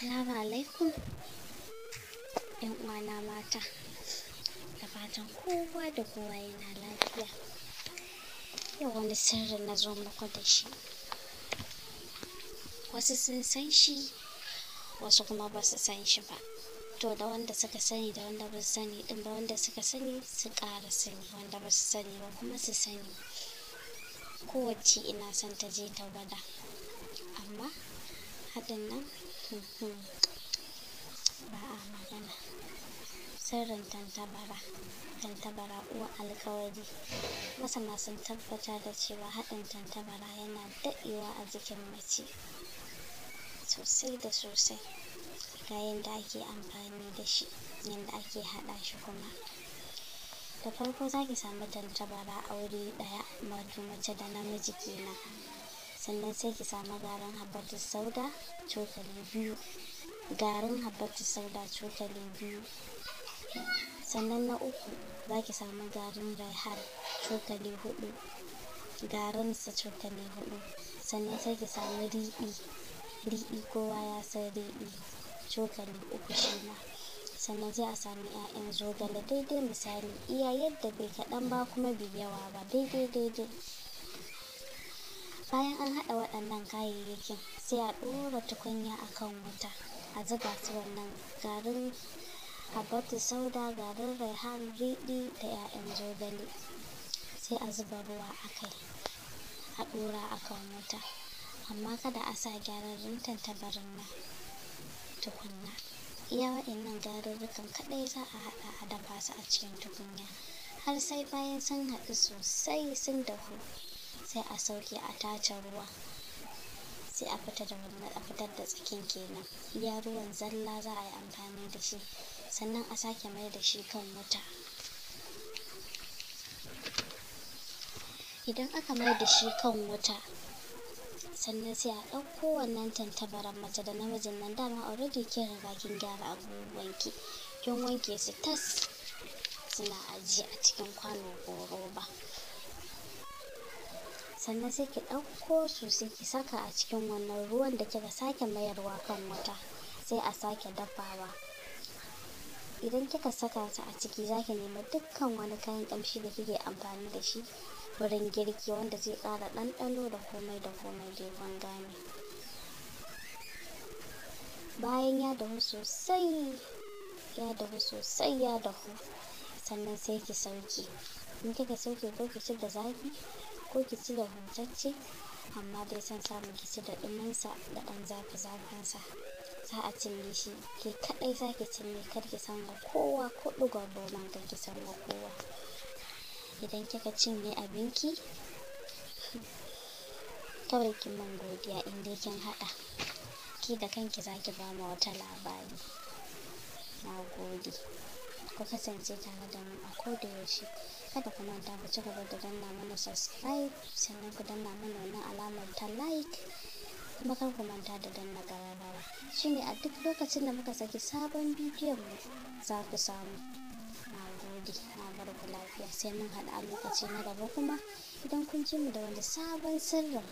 Assalamu alaikum ‘yan uwana mata da fatan kowa da kowa yana lafiya yau wani sirri na zo muku da shi wasu sun san shi wasu kuma ba su san shi ba to da wanda suka sani da wanda ba su sani din ba wanda suka sani su ƙara sani wanda ba su sani ba kuma su sani kowacce ina son ta je ta gwada amma haɗin nan ba a magana sirrin tantabara tantabara uwa alkawari masana sun tabbata da cewa haɗin tantabara yana daɗewa a jikin mace sosai da sosai ga yadda ake amfani da shi yadda ake haɗa shi kuma da farko za ki samu tantabara a wuri ɗaya wato mace da namiji kenan sannan sai ki samu garin habbatus sauda cokali biyu garin habbatus sauda cokali biyu sannan na uku za ki samu garin raihan cokali hudu garin sa cokali hudu sannan sai ki samu riɗi riɗi kowa ya san riɗi cokali uku shi ma sannan zai a sami 'ya'yan zogale daidai misali iya yadda bai kaɗan ba kuma bai yawa ba daidai daidai bayan an haɗa waɗannan kayayyakin sai a ɗora tukunya a kan wuta a zuba su wannan garin habatu sauda garin raihan riɗi da 'ya'yan zogale sai a zuba ruwa a kai a ɗora kan wuta amma kada a sa gyararrun tantabarin na tukunya iya waɗannan garurrukan kaɗai za a haɗa a dafa su a cikin tukunya har sai bayan sun haɗu sosai sun dahu sai a sauke a tace ruwa sai a fita da wannan a fitar da tsakin kenan iya ruwan zalla za a yi amfani da shi sannan a sake mai da shi kan wuta idan aka mai da shi kan wuta sannan sai a ɗauko wannan tantabaran mace da namijin nan dama a rage riga rigakin gyara abubuwan ki kin wanke su tas suna ajiye a cikin kwano ko roba sannan sai ki ɗauko su sai ki saka a cikin wannan ruwan da kika sake mayarwa kan wuta sai a sake dafawa idan kika saka su a ciki zaki nemi dukkan wani kayan ƙamshi da kike amfani da shi wurin girki wanda zai ƙara ɗanɗano da komai da komai dai kun gane bayan ya dahu sosai ya dahu sosai ya dahu sannan sai ki sauke in kika sauke ko ki ci da zafi ko ki ci da huntacce amma dai san samu ki ci da ɗuminsa da ɗan zafi-zafinsa za a cinye shi ke kaɗai za ki cinye kar ki ga kowa ko ɗigon boma kar ki ga kowa idan kika cinye abinki kawai kin man godiya in dai kin haɗa ki da kanki za ki ba wata labari na gode ku kasance tare da mu a koda yaushe kada ku manta ku ci gaba da danna mana subscribe sannan ku danna mana wannan alamar ta like kuma kar ku manta da danna gararrawa shine a duk lokacin da muka saki sabon bidiyon mu za ku samu na na bar ku lafiya sai mun haɗa a lokaci na gaba kuma idan kun ji mu da wani sabon sirrin